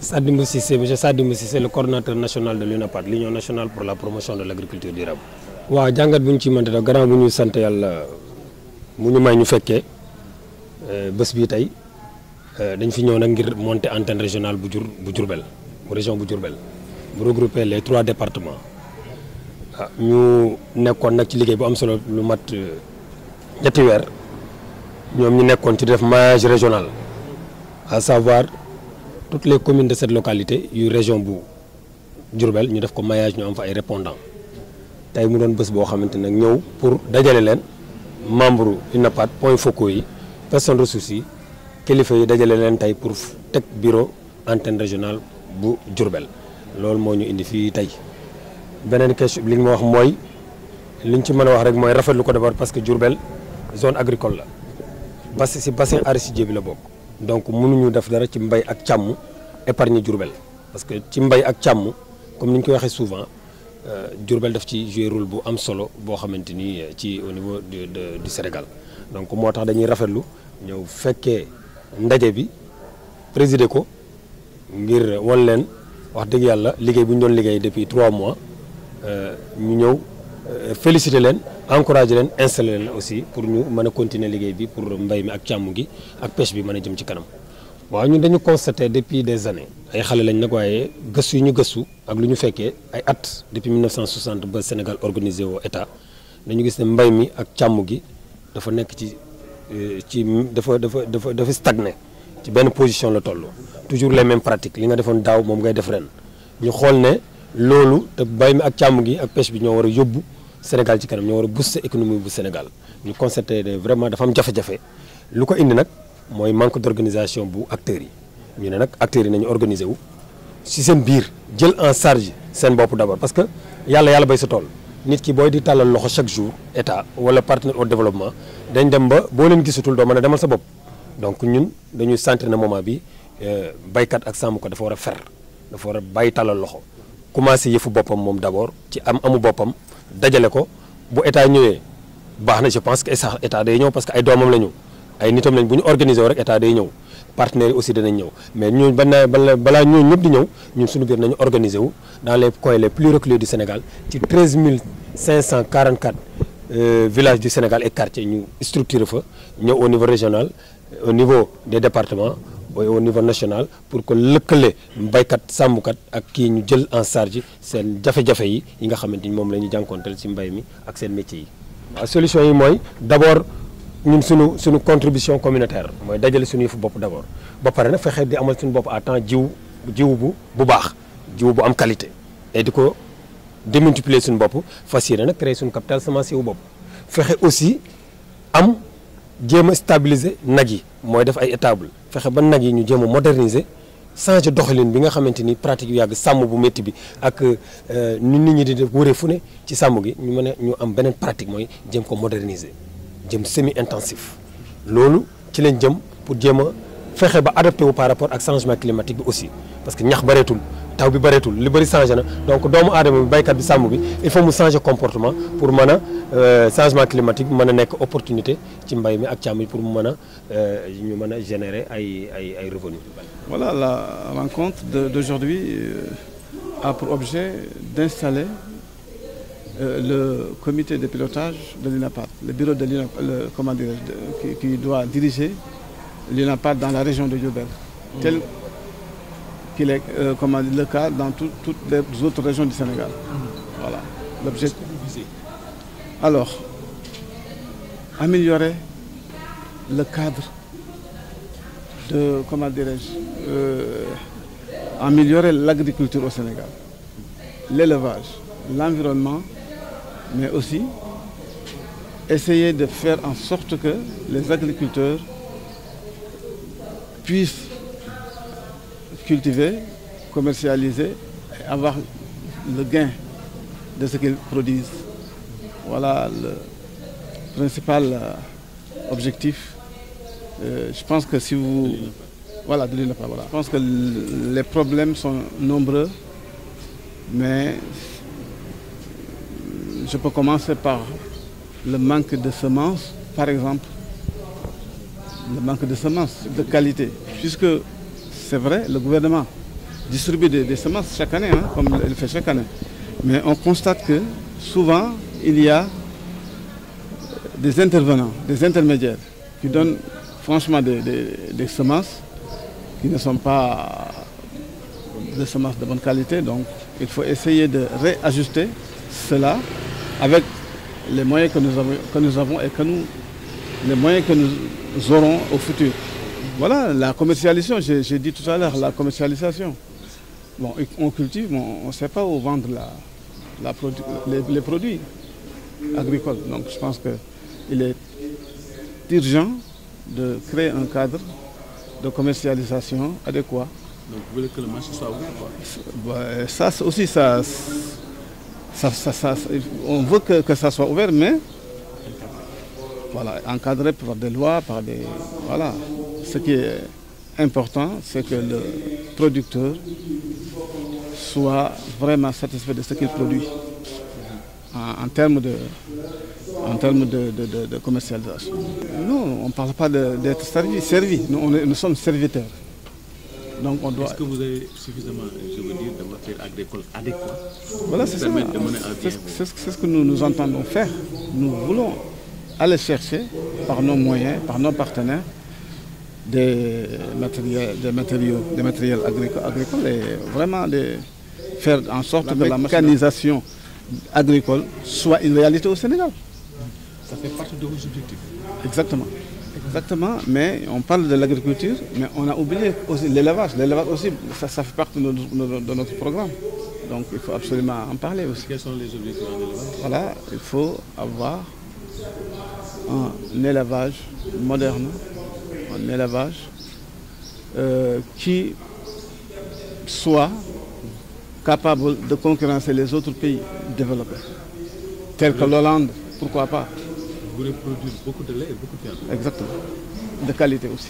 Sadimou Sissé, monsieur Sadimou le coordonnateur national de l'UNAPAD, l'Union nationale pour la promotion de l'agriculture durable. Wa ci ñu régionale région bu regrouper les trois départements Nous ah, ñu nekkon nak ci liggéey bu régional à savoir toutes les communes de cette localité yu région bu Diourbel ñu def ko maillage ñu am fa ay répondants Tay mu doon bés boo xamante nag ñëw pour dajalé len membre UNAPAD point focaux yi personnes ressources yi kilifa yi dajalé len tay pour tek bureau antenne régionale bu Djourbel lool moo ñu indi fi tay benen question li ma wax moy liñ ci mëna wax rek mooy rafetlu ko d'abord parce que Djourbel zone agricole la bas si bassin arachidier bi la bokk donc mënuñu def dara ci mbay ak épargne parce que ci mbay comme nous ko souvent euh, djourbel daf ci jouer rôle bu am solo bo euh, au niveau du du Sénégal donc nous dañuy rafetlu ñëw ndaje bi présider ko ngir won wax deug yalla doon depuis trois mois euh, ñu ñew féliciter encouragé leen installé leen aussi pour ñu mën a continuer liggéey bi pour mbay mi ak càmm gi ak pêche bi mën a jëm ci kanam waaw ñun dañu constaté depuis des années ay xale lañ nag waaye gëstu yi ñu gëstu ak lu ñu fekkee ay at depuis 1960 ba Sénégal organisé woo état dañu gis ne mbay mi ak càmm gi dafa nekk ci euh, ci dafa dafa dafa dafa stagné ci benn position la toll toujours les mêmes pratiques li nga defoon daaw moom ngay def ren ñu xool ne loolu te mbay ak càmm gi ak pêche bi ñoo war a yóbbu Sénégal ci kanam ñoo war a booster économie bu Sénégal ñu constaté de vraiment dafa am jafe-jafe lu ko indi nag mooy manque d'organisation bu acteur yi ñu ne nag acteurs yi nañu organiser wu ci seen biir jël en charge seen bopp d'abord parce que yàlla yàlla bay sa tool nit ki booy di tàllal loxo chaque jour état wala partenaire au développement dañ dem ba boo leen gisatul doo man a demal sa bopp donc ñun dañu sentir na moment bi euh, baykat ak sàmm ko dafa war a fer dafa a bàyyi tàllal loxo commencé yëfu boppam moom d'abord ci am amu boppam dajale ko bu état ñëwé baxna je pense que sax état day ñëw parce que ay domam lañu ay nitam lañ buñu organiser organisé rek état day ñëw partenaires aussi danañ ñëw mais ñun ban balaa ñu ñëpp di ñëw ñun suñu gën nañu organisé wu dans les coins les plus reculés du Sénégal ci 13 544 euh, villages du Sénégal et quartiers ñu structuré fa ñëw au niveau régional au niveau des départements au niveau national pour que lëkkale baykat sàmmkat ak kii ñu jël en charge seen jafe-jafe yi yi nga xamante ni moom la ñuy jànkonteel ci mbay mi ak seen métier yi. waaw solution yi mooy d'abord ñun suñu suñu contribution communautaire mooy dajale suñu yëfu bopp d'abord ba pare nag fexe di amal suñu bopp à temps jiw jiw bu bu baax jiw bu am qualité et di ko démultiplier suñ bopp fas yéene nag créer suñu capital sama wu bopp fexe aussi am. jéem a stabiliser nag yi mooy def ay étable fexe ba nag yi ñu jéem a moderniser changer doxalin bi nga xamante ni pratique yu yàgg sàmm bu métti bi ak euh, ni nit ñi di def wëree fu ne ci sàmm gi ñu mën a ñu am beneen pratique mooy jéem ko moderniser jëm semi intensif loolu ci leen jëm pour jéem a fexe ba adapté wu par rapport ak changement climatique bi aussi parce que ñax bareetul taw bi bëreetul li bari changer na donc doomu aadama bi béykat bi sambu bi il faut mu changer comportement pour mën a euh, changement climatique mën nek opportunité ci mbay mi ak càmm pour mu mën euh, ñu mën générer ay ay ay revenus. voilà la rencontre d'aujourd'hui euh, a pour objet d'installer le comité de pilotage de l'INAPAD le bureau de l'INAPAD comment dire, qui, qui doit diriger l'INAPAD dans la région de Diourbel. Tel qu'il est euh, le cas dans toutes les autres régions du Sénégal. Voilà. l'objectif. Alors, améliorer le cadre de, comment dirais-je, euh, améliorer l'agriculture au Sénégal, l'élevage, l'environnement, mais aussi essayer de faire en sorte que les agriculteurs puissent cultiver, commercialiser avoir le gain de ce qu'ils produisent. Voilà le principal euh, objectif. Euh, je pense que si vous... Voilà, de l'île voilà. Je pense que les problèmes sont nombreux, mais je peux commencer par le manque de semences, par exemple. Le manque de semences de qualité. Puisque c'est vrai, le gouvernement distribue des, semences chaque année, hein, comme il fait chaque année. Mais on constate que souvent, il y a euh, des intervenants, des intermédiaires, qui donnent franchement des, semences qui ne sont pas des semences de bonne qualité. Donc il faut essayer de réajuster cela avec les moyens que nous avons, que nous avons et que nous, les moyens que nous aurons au futur. Voilà, la commercialisation, j'ai dit tout à l'heure, la commercialisation. Bon, on cultive, mais on ne sait pas où vendre la, les, produits agricoles. Donc je pense qu'il est urgent de créer un cadre de commercialisation adéquat. Donc vous voulez que le marché soit ouvert bah, Ça aussi, on veut que, ça soit ouvert, mais voilà, encadré par des lois, par des... Voilà. Ce qui est important, c'est que le producteur soit vraiment satisfait de ce qu'il produit en, termes de, commercialisation. Nous, on ne parle pas d'être servi, servi. Nous, sommes serviteurs. Donc on doit... Est-ce que vous avez suffisamment, je veux dire, de matériel agricole adéquat Voilà, c'est ça. C'est ce, ce que nous nous entendons faire. Nous voulons aller chercher par nos moyens, par nos partenaires, des matériels, des matériaux, des matériels agricoles, et vraiment de faire en sorte que la mécanisation agricole soit une réalité au Sénégal. Ça fait partie de vos objectifs. Exactement. Exactement, mais on parle de l'agriculture, mais on a oublié aussi l'élevage. L'élevage aussi, ça, fait partie de notre, programme. Donc il faut absolument en parler aussi. Quels sont les objectifs en élevage Voilà, il faut avoir un élevage moderne, en élevage euh, qui soit capable de concurrencer les autres pays développés, tels que l'Hollande, pourquoi pas. Vous voulez produire beaucoup de lait et beaucoup de viande. Exactement, de qualité aussi.